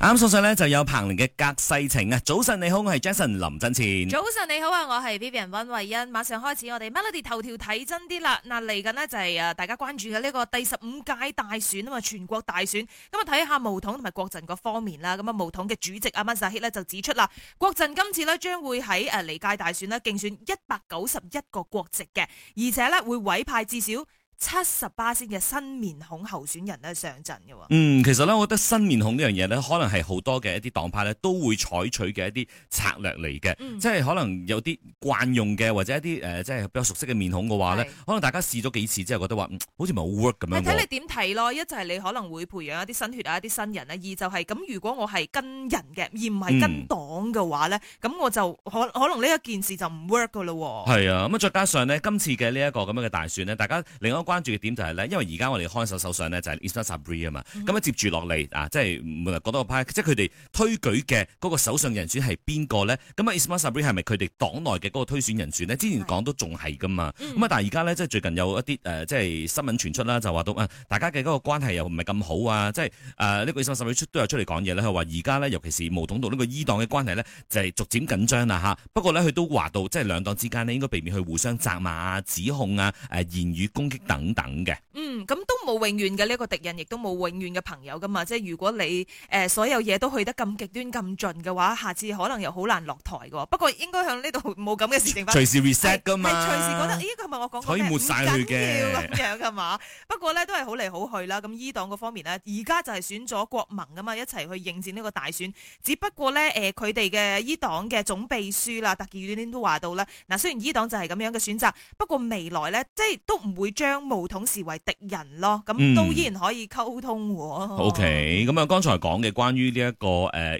啱啱送上咧就有彭玲嘅隔世情啊！早晨你好，我係 Jason 林振前。早晨你好啊，我係 Vivian 溫慧欣。馬上開始我哋 Melody 頭條睇真啲啦！嗱，嚟緊呢就係、是、誒、呃、大家關注嘅呢個第十五屆大選啊嘛，全國大選。咁啊睇下巫統同埋國陣各方面啦。咁啊巫統嘅主席阿 m u s 呢 a 就指出啦，國陣今次呢將會喺誒離屆大選呢競選一百九十一個國席嘅，而且呢會委派至少。七十八先嘅新面孔候選人咧上陣嘅喎、哦，嗯，其實咧，我覺得新面孔這件事呢樣嘢咧，可能係好多嘅一啲黨派咧都會採取嘅一啲策略嚟嘅，嗯、即係可能有啲慣用嘅或者一啲誒、呃、即係比較熟悉嘅面孔嘅話咧，是可能大家試咗幾次之後覺得話、嗯，好似唔係好 work 咁樣。睇你點睇咯，一就係你可能會培養一啲新血啊，一啲新人啊，二就係、是、咁。如果我係跟人嘅而唔係跟黨嘅話咧，咁、嗯、我就可可能呢一件事就唔 work 嘅咯喎。係啊，咁、嗯、啊，再加上咧，今次嘅呢一個咁樣嘅大選咧，大家另一。關注嘅點就係咧，因為而家我哋看守首相咧就係 Ismail Sabri 啊嘛，咁、hmm. 啊、嗯、接住落嚟啊，即係唔多個派，即係佢哋推舉嘅嗰個首相人選係邊個咧？咁啊 Ismail Sabri 係咪佢哋黨內嘅嗰個推選人選呢？是之前講都仲係噶嘛，咁啊、mm，hmm. 但係而家咧即係最近有一啲即係新聞傳出啦，就話到啊，大家嘅嗰個關係又唔係咁好啊，即係誒呢個 Ismail Sabri 出都有出嚟講嘢咧，佢話而家咧，尤其是巫統度呢個伊黨嘅關係咧，就係、是、逐漸緊張啦嚇。不過咧，佢都話到即係兩黨之間應該避免去互相責罵啊、指控啊、呃、言語攻擊等。等等嘅，嗯，咁都冇永遠嘅呢個敵人，亦都冇永遠嘅朋友噶嘛。即係如果你誒、呃、所有嘢都去得咁極端咁盡嘅話，下次可能又好難落台噶。不過應該向呢度冇咁嘅事情。隨時 reset 噶嘛，隨時覺得咦，係、欸、咪我講可以抹晒佢嘅樣㗎嘛？ 不過咧都係好嚟好去啦。咁伊黨個方面呢，而家就係選咗國盟㗎嘛，一齊去應戰呢個大選。只不過咧誒，佢哋嘅伊黨嘅總秘書啦，特約點都話到啦。嗱，雖然伊黨就係咁樣嘅選擇，不過未來咧，即係都唔會將。無統視為敵人咯，咁都依然可以溝通。O K，咁啊，剛、okay，嗯、才講嘅關於呢一個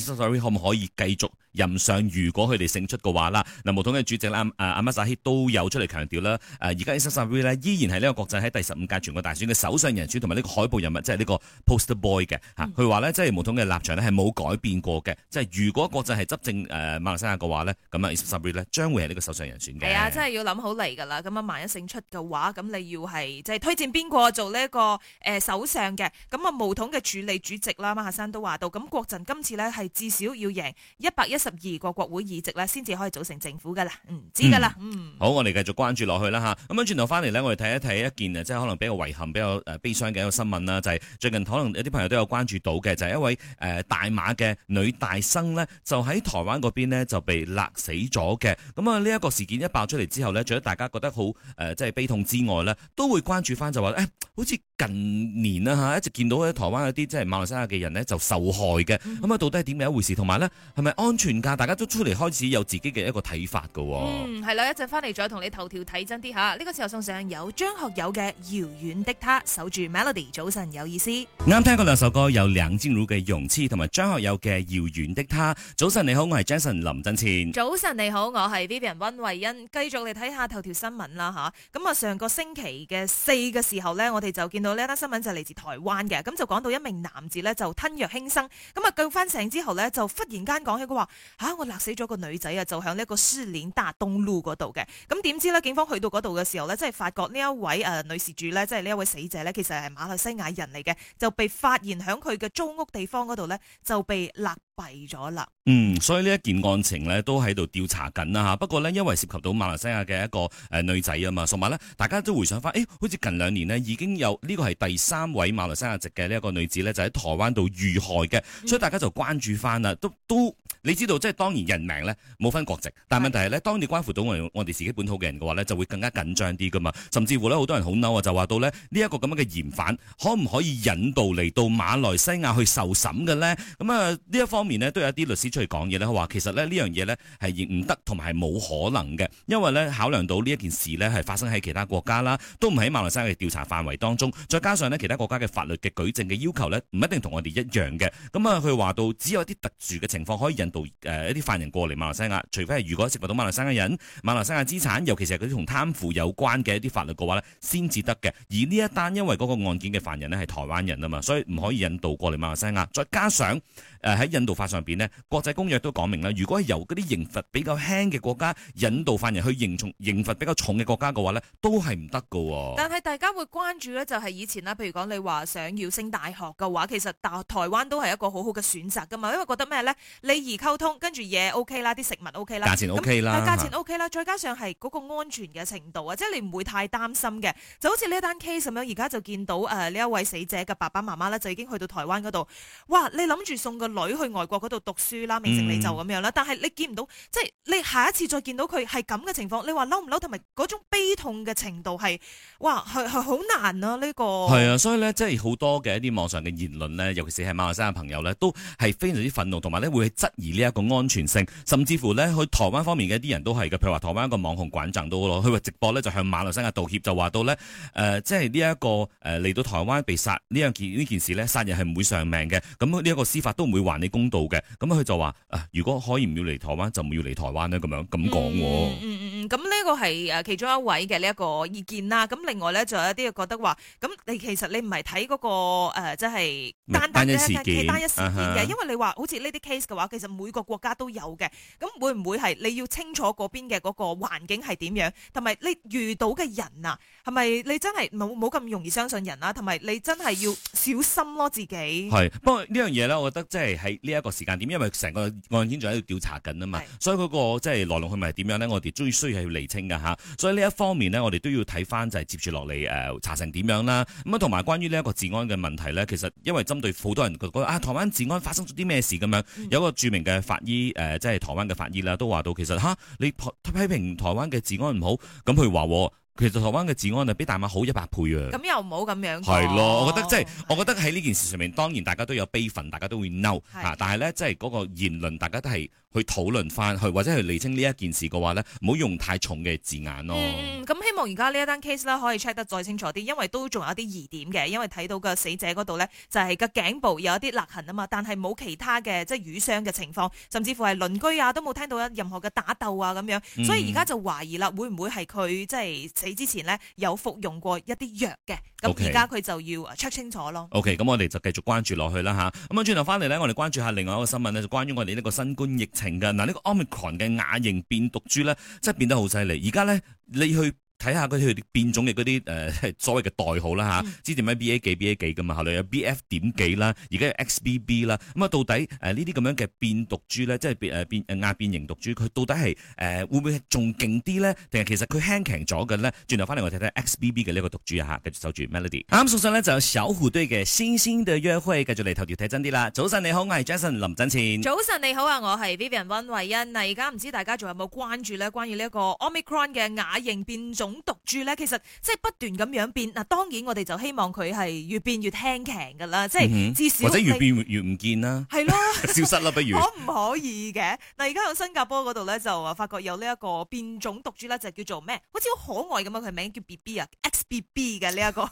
誒，historical 可唔可以繼續？任上，如果佢哋勝出嘅話啦，嗱，毛統嘅主席阿阿馬薩希都有出嚟強調啦。誒，而家伊斯拉威咧依然係呢個國陣喺第十五屆全國大選嘅首相人選同埋呢個海報人物，即係呢個 poster boy 嘅嚇。佢話咧，即係毛統嘅立場咧係冇改變過嘅。即係如果國陣係執政誒馬來西亞嘅話咧，咁啊伊斯拉威咧將會係呢個首相人選嘅。係啊，真係要諗好嚟㗎啦。咁啊，萬一勝出嘅話，咁你要係即係推薦邊個做呢個誒首相嘅？咁啊，毛統嘅署理主席啦，馬哈山都話到，咁國陣今次咧係至少要贏一百一十二個國會議席咧，先至可以組成政府噶啦，唔、嗯、知噶啦。嗯，嗯，好，我哋繼續關注落去啦吓。咁樣轉頭翻嚟咧，我哋睇一睇一件啊，即係可能比較遺憾、比較，誒，悲傷嘅一個新聞啦，就係、是、最近可能有啲朋友都有關注到嘅，就係、是、一位誒、呃、大馬嘅女大生呢，就喺台灣嗰邊呢就被勒死咗嘅。咁啊，呢一個事件一爆出嚟之後呢，除咗大家覺得好誒、呃，即係悲痛之外呢，都會關注翻就話，誒、欸，好似近年啊吓，一直見到喺台灣有啲即係馬來西亞嘅人呢就受害嘅。咁啊，到底係點樣一回事？同埋呢係咪安全？大家都出嚟開始有自己嘅一個睇法嘅，哦，嗯係啦，一陣翻嚟再同你頭條睇真啲吓。呢個時候送上有張學友嘅《遙遠的她》，守住 Melody。早晨有意思，啱聽過兩首歌，有梁靜茹嘅《容姿》同埋張學友嘅《遙遠的她》。早晨你好，我係 Jason 林振錢。早晨你好，我係 Vivian 溫慧欣。繼續嚟睇下頭條新聞啦吓。咁啊，上個星期嘅四嘅時候呢，我哋就見到呢一單新聞就嚟自台灣嘅，咁就講到一名男子呢，就吞藥輕生，咁啊救翻醒之後呢，就忽然間講起佢話。吓、啊！我勒死咗個女仔啊，就響呢一個蘇蓮達東路嗰度嘅。咁點知咧，警方去到嗰度嘅時候咧，即係發覺呢一位誒、呃、女事主咧，即係呢一位死者咧，其實係馬來西亞人嚟嘅，就被發現響佢嘅租屋地方嗰度咧，就被勒斃咗啦。嗯，所以呢一件案情咧都喺度調查緊啦吓。不過呢，因為涉及到馬來西亞嘅一個誒女仔啊嘛，同埋咧，大家都回想翻，誒、欸，好似近兩年呢，已經有呢、這個係第三位馬來西亞籍嘅呢一個女子咧，就喺台灣度遇害嘅，所以大家就關注翻啦、嗯，都都。你知道即係當然人命咧冇分國籍，但係問題係咧，當你關乎到我哋我哋自己本土嘅人嘅話咧，就會更加緊張啲噶嘛。甚至乎咧，好多人好嬲啊，就話到咧呢一個咁樣嘅嫌犯，可唔可以引渡嚟到馬來西亞去受審嘅咧？咁啊呢一方面咧都有一啲律師出嚟講嘢咧，話其實咧呢樣嘢咧係唔得同埋係冇可能嘅，因為咧考量到呢一件事咧係發生喺其他國家啦，都唔喺馬來西亞嘅調查範圍當中，再加上咧其他國家嘅法律嘅舉證嘅要求咧唔一定同我哋一樣嘅。咁啊佢話到只有啲特殊嘅情況可以引。誒一啲犯人過嚟馬來西亞，除非係如果涉及到馬來西亞人、馬來西亞資產，尤其是係啲同貪腐有關嘅一啲法律嘅話呢先至得嘅。而呢一單因為嗰個案件嘅犯人呢係台灣人啊嘛，所以唔可以引渡過嚟馬來西亞。再加上。誒喺引渡法上邊咧，國際公約都講明啦。如果係由嗰啲刑罰比較輕嘅國家引渡犯人去刑從刑罰比較重嘅國家嘅話呢，都係唔得嘅。但係大家會關注呢，就係、是、以前啦，譬如講你話想要升大學嘅話，其實大台灣都係一個很好好嘅選擇噶嘛，因為覺得咩呢？你易溝通，跟住嘢 OK 啦，啲食物 OK 啦，價錢 OK 啦，價錢 OK 啦，是的再加上係嗰個安全嘅程度啊，即、就、係、是、你唔會太擔心嘅。就好似呢一單 case 咁樣，而家就見到誒呢一位死者嘅爸爸媽媽呢，就已經去到台灣嗰度。哇！你諗住送個女去外國嗰度讀書啦，明成就、嗯、你就咁樣啦。但係你見唔到，即、就、係、是、你下一次再見到佢係咁嘅情況，你話嬲唔嬲，同埋嗰種悲痛嘅程度係，哇，係係好難啊！呢、這個係啊，所以呢，即係好多嘅一啲網上嘅言論呢，尤其是係馬來西亞朋友呢，都係非常之憤怒，同埋呢，會去質疑呢一個安全性，甚至乎呢，去台灣方面嘅一啲人都係嘅，譬如話台灣一個網紅館長都好咯，佢話直播呢，就向馬來西亞道歉，就話到呢，誒、呃，即係呢一個誒嚟、呃、到台灣被殺呢樣件呢件事呢，殺人係唔會償命嘅，咁呢一個司法都唔會。要還你公道嘅，咁佢就話啊，如果可以唔要嚟台灣，就唔要嚟台灣咧，咁樣咁講。嗯咁呢個係其中一位嘅呢一個意見啦。咁另外咧，仲有一啲覺得話，咁你其實你唔係睇嗰個即係、呃、單單單一事件嘅，件 uh huh. 因為你話好似呢啲 case 嘅話，其實每個國家都有嘅。咁會唔會係你要清楚嗰邊嘅嗰個環境係點樣？同埋你遇到嘅人啊，係咪你真係冇冇咁容易相信人啊？同埋你真係要小心咯，自己。係，不過呢樣嘢咧，我覺得即係喺呢一個時間點，因為成個案件仲喺度調查緊啊嘛，是所以嗰、那個即係來龍去脈係點樣呢？我哋最需。要厘清噶吓，所以呢一方面呢，我哋都要睇翻就係接住落嚟誒查成點樣啦。咁啊，同埋關於呢一個治安嘅問題呢，其實因為針對好多人覺得啊，台灣治安發生咗啲咩事咁樣，有個著名嘅法醫誒、呃，即係台灣嘅法醫啦，都話到其實嚇、啊、你批評台灣嘅治安唔好，咁譬如話其實台灣嘅治安啊，比大馬好一百倍啊。咁又唔好咁樣。係咯，我覺得即、就、係、是、的我覺得喺呢件事上面，當然大家都有悲憤，大家都會嬲啊。是的但係呢，即係嗰個言論，大家都係。去討論翻，去或者去理清呢一件事嘅話呢，唔好用太重嘅字眼咯。咁、嗯、希望而家呢一單 case 咧可以 check 得再清楚啲，因為都仲有啲疑點嘅。因為睇到個死者嗰度呢，就係個頸部有一啲勒痕啊嘛，但係冇其他嘅即係瘀傷嘅情況，甚至乎係鄰居啊都冇聽到任何嘅打鬥啊咁樣。所以而家就懷疑啦，會唔會係佢即係死之前呢，有服用過一啲藥嘅？咁而家佢就要 check 清楚咯。O K，咁我哋就繼續關注落去啦吓。咁啊，轉頭翻嚟呢，我哋關注下另外一個新聞呢，就關於我哋呢個新冠疫情。停噶嗱，呢、嗯這個 omicron 嘅亞型變毒株咧，真係變得好犀利。而家咧，你去，睇下佢啲佢變種嘅嗰啲誒所謂嘅代號啦吓，知點 B A 幾、B A 幾嘅嘛，後、啊、來有 B F 點幾啦，而家有 X B B 啦。咁啊、嗯嗯，到底誒呢啲咁樣嘅變毒株咧，即係變誒變亞變形毒株，佢到底係誒、呃、會唔會係仲勁啲咧？定係其實佢輕強咗嘅咧？轉頭翻嚟我睇睇 X B B 嘅呢個毒株啊嚇，繼續守住 Melody。啱啱送上咧就有小虎隊嘅《星星的約會》，繼續嚟頭條睇真啲啦。早晨你好，我係 Jason 林振前。早晨你好啊，我係 Vivian 溫慧欣。嗱而家唔知大家仲有冇關注咧，關於呢一個 Omicron 嘅亞型變種。毒株咧，其實即係不斷咁樣變嗱。當然我哋就希望佢係越變越輕強噶啦，即係至少或者越變越唔見啦，係咯，消失啦不如。 可唔可以嘅嗱？而家喺新加坡嗰度咧，就話發覺有呢一個變種毒株咧，就叫做咩？好似好可愛咁樣啊！佢名叫 B B 啊。B B 嘅呢一個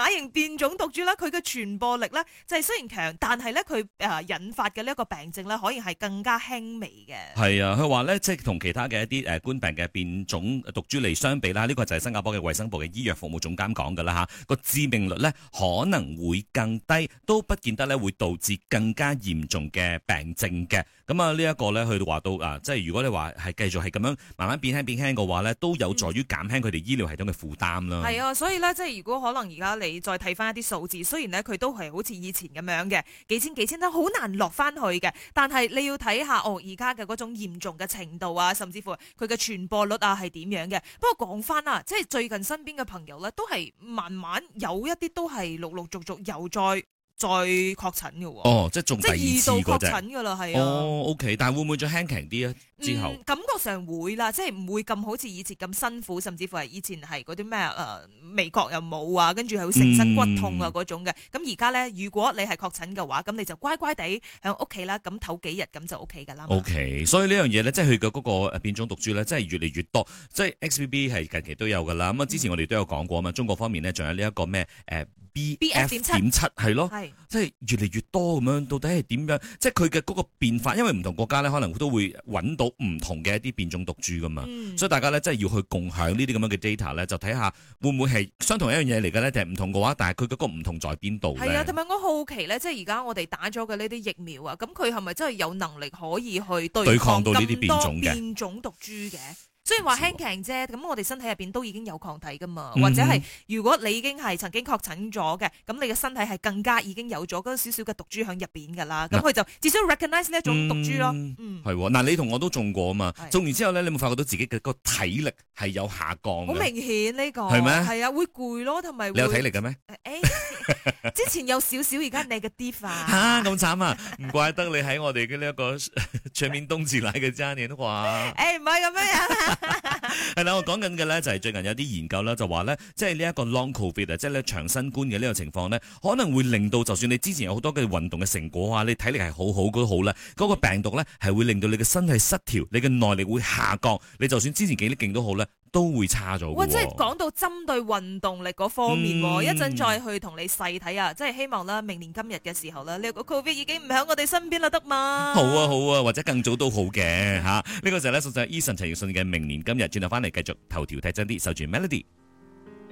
亞型變種毒株咧，佢嘅傳播力呢就係雖然強，但係呢，佢誒引發嘅呢一個病症呢，可以係更加輕微嘅。係啊，佢話呢，即係同其他嘅一啲誒冠病嘅變種毒株嚟相比啦，呢、這個就係新加坡嘅衛生部嘅醫藥服務總監講嘅啦嚇，個、啊、致命率呢，可能會更低，都不見得呢，會導致更加嚴重嘅病症嘅。咁啊，呢一個咧，去到話到啊，即係如果你話係繼續係咁樣慢慢變輕變輕嘅話咧，都有助於減輕佢哋醫療系統嘅負擔啦。係啊，所以咧，即係如果可能而家你再睇翻一啲數字，雖然咧佢都係好似以前咁樣嘅幾千幾千都好難落翻去嘅，但係你要睇下哦，而家嘅嗰種嚴重嘅程度啊，甚至乎佢嘅傳播率啊係點樣嘅。不過講翻啦，即係最近身邊嘅朋友咧，都係慢慢有一啲都係陸陸續續又再。再確診嘅喎，哦，即係仲即係二度確診嘅啦，係啊，哦，OK，但係會唔會再輕輕啲啊？之後感覺上會啦，即係唔會咁好似以前咁辛苦，甚至乎係以前係嗰啲咩啊，誒，味覺又冇啊，跟住係會成身骨痛啊嗰種嘅。咁而家咧，如果你係確診嘅話，咁你就乖乖地喺屋企啦，咁唞幾日咁就 OK 嘅啦。OK，所以呢樣嘢咧，即係佢嘅嗰個變種毒株咧，真係越嚟越多，即係 XBB 係近期都有嘅啦。咁啊，之前我哋都有講過啊嘛，中國方面咧仲有呢一個咩誒？B.F. b 點七係咯，是即係越嚟越多咁樣，到底係點樣？即係佢嘅嗰個變化，因為唔同國家咧，可能都會揾到唔同嘅一啲變種毒株噶嘛。嗯、所以大家咧，真係要去共享呢啲咁樣嘅 data 咧，就睇下會唔會係相同一樣嘢嚟嘅咧？定係唔同嘅話，但係佢嗰個唔同在邊度咧？係啊，同埋我好奇咧，即係而家我哋打咗嘅呢啲疫苗啊，咁佢係咪真係有能力可以去對抗到呢啲變種嘅？變種毒株嘅？雖然話輕強啫，咁我哋身體入面都已經有抗體噶嘛，嗯、哼或者係如果你已經係曾經確診咗嘅，咁你嘅身體係更加已經有咗嗰少少嘅毒株喺入面噶啦，咁佢、嗯、就至少 recognize 呢一種，種毒株咯。嗯，喎、嗯，嗱你同我都中過啊嘛，的中完之後咧，你有冇發覺到自己嘅個體力係有下降？好明顯呢、這個係咩？係啊嗎，會攰咯，同埋你有體力嘅咩、欸？之前有少少、啊，而家你嘅跌法嚇咁慘啊！唔怪得你喺我哋嘅呢一個 全面冬至禮嘅嘉年華誒唔係咁樣樣。係啦， 我講緊嘅咧就係最近有啲研究啦，就話咧，即係呢一個 Long Covid，即係咧長新冠嘅呢個情況咧，可能會令到就算你之前有好多嘅運動嘅成果啊，你體力係好好嗰都好啦，嗰、嗰個病毒咧係會令到你嘅身體失調，你嘅耐力會下降，你就算之前幾力勁都好啦。都會差咗。喂，即係講到針對運動力嗰方面，一陣再去同你細睇啊！即係希望啦。明年今日嘅時候啦，呢個 Covid 已經唔喺我哋身邊啦，得嘛？好啊，好啊，或者更早都好嘅吓。呢、啊這個時候咧，送上 Eason 陳奕迅嘅《明年今日》繼續，轉頭翻嚟繼續頭條睇真啲，守住 Melody。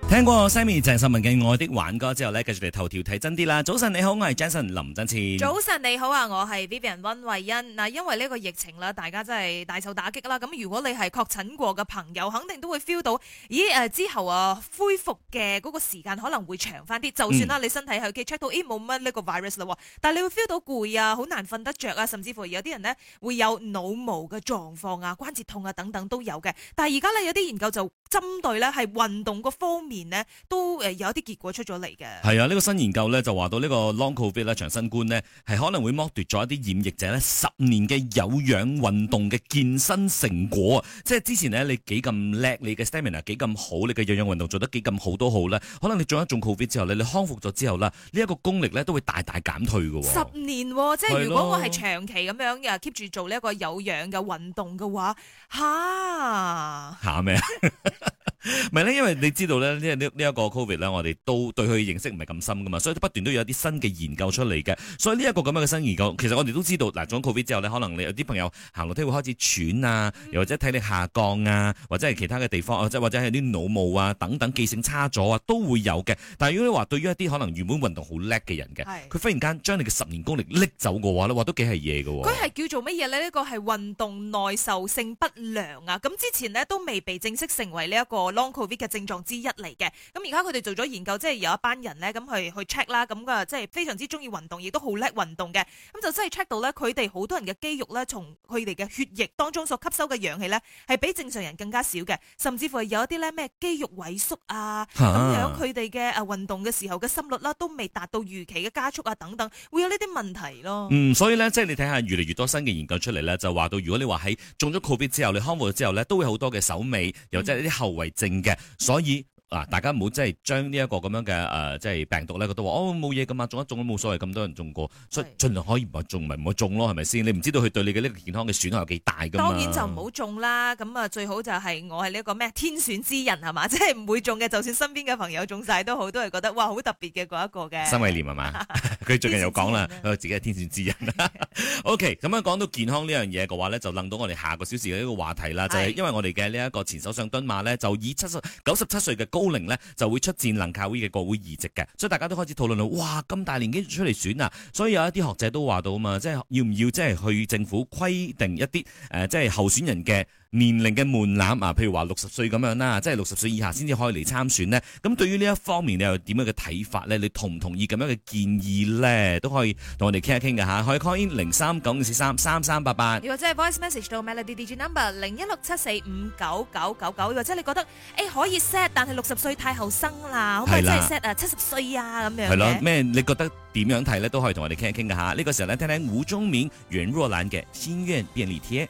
聽過 Sammy 鄭秀文嘅《愛的挽歌》之後咧，繼續嚟頭條睇真啲啦。早晨你好，我係 Jason 林振千。早晨你好啊，我係 Vivian 溫慧欣。嗱，因為呢個疫情啦，大家真係大受打擊啦。咁如果你係確診過嘅朋友，肯定都會 feel 到，咦誒之後啊恢復嘅嗰個時間可能會長翻啲。就算啦，你身體係 check 到咦，冇乜呢個 virus 啦，但係你會 feel 到攰啊，好難瞓得着啊，甚至乎有啲人呢會有腦霧嘅狀況啊，關節痛啊等等都有嘅。但係而家咧有啲研究就。針對咧係運動個方面咧，都誒有啲結果出咗嚟嘅。係啊，呢、呢個新研究咧就話到呢個 Long Covid 咧長新冠咧係可能會剝奪咗一啲染疫者咧十年嘅有氧運動嘅健身成果啊！即係之前咧你幾咁叻，你嘅 stamina 幾咁好，你嘅有氧運動做得幾咁好都好咧，可能你做一種 Covid 之後咧，你康復咗之後啦，呢、呢、一個功力咧都會大大減退嘅喎。十年、哦、即係如果我係長期咁樣嘅 keep 住做呢一個有氧嘅運動嘅話，吓？嚇咩 唔係咧，因為你知道咧，這個、呢呢呢一個 covid 咧，我哋都對佢認識唔係咁深噶嘛，所以不斷都有一啲新嘅研究出嚟嘅。所以呢一個咁樣嘅新研究，其實我哋都知道，嗱，咗 covid 之後你可能你有啲朋友行樓梯會開始喘啊，又或者體力下降啊，或者係其他嘅地方，或者係啲腦霧啊，等等記性差咗啊，都會有嘅。但如果你話對於一啲可能原本運動好叻嘅人嘅，佢是忽然間將你嘅十年功力拎走嘅話咧，話都幾係嘢嘅。佢係叫做乜嘢呢？呢、這個係運動耐受性不良啊。咁之前呢，都未被正式成為呢、這、一個。long covid 嘅症狀之一嚟嘅，咁而家佢哋做咗研究，即係有一班人咧咁去去 check 啦，咁啊即係非常之中意運動，亦都好叻運動嘅，咁就真係 check 到咧佢哋好多人嘅肌肉咧，從佢哋嘅血液當中所吸收嘅氧氣咧，係比正常人更加少嘅，甚至乎係有一啲咧咩肌肉萎縮啊，咁樣佢哋嘅啊運動嘅時候嘅心率啦，都未達到預期嘅加速啊等等，會有呢啲問題咯。嗯，所以咧即係你睇下，越嚟越多新嘅研究出嚟咧，就話到如果你話喺中咗 covid 之後，你康復咗之後咧，都會好多嘅手尾，或者係一啲後遺。正嘅，所以。嗱，大家唔好真係將呢一個咁樣嘅誒，即係病毒咧，覺得話哦冇嘢噶嘛，種一種都冇所謂，咁多人種過，所以盡量可以唔係種，唔係唔好種咯，係咪先？你唔知道佢對你嘅呢個健康嘅損害有幾大噶嘛？當然就唔好種啦。咁啊，最好就係我係呢一個咩天選之人係嘛，即係唔會種嘅。就算身邊嘅朋友種晒都好，都係覺得哇好特別嘅嗰一個嘅。心懷念係嘛？佢 最近又講啦，佢、啊、自己係天選之人。O K，咁樣講到健康呢樣嘢嘅話咧，就楞到我哋下個小時嘅一個話題啦，是就係因為我哋嘅呢一個前首相敦馬呢，就以七十九十七歲嘅高高齡咧就會出戰能靠威嘅國會議席嘅，所以大家都開始討論啦。哇，咁大年紀出嚟選啊！所以有一啲學者都話到啊嘛，即係要唔要即係去政府規定一啲誒、呃，即係候選人嘅。年齡嘅門檻啊，譬如話六十歲咁樣啦，即係六十歲以下先至可以嚟參選呢。咁對於呢一方面，你又點樣嘅睇法呢？你同唔同意咁樣嘅建議呢？都可以同我哋傾一傾㗎吓，可以 call in 零三九五四三三三八八，或者係 voice message 到 Melody number 零一六七四五九九九九，或者你覺得誒、欸、可以 set，但係六十歲太後生啦，可唔可以即係 set 啊七十歲啊咁樣嘅？係啦。咩？你覺得點樣睇呢？都可以同我哋傾一傾㗎吓。呢、呢個時候咧，聽聽胡中明、袁若楠嘅《心願便利貼》。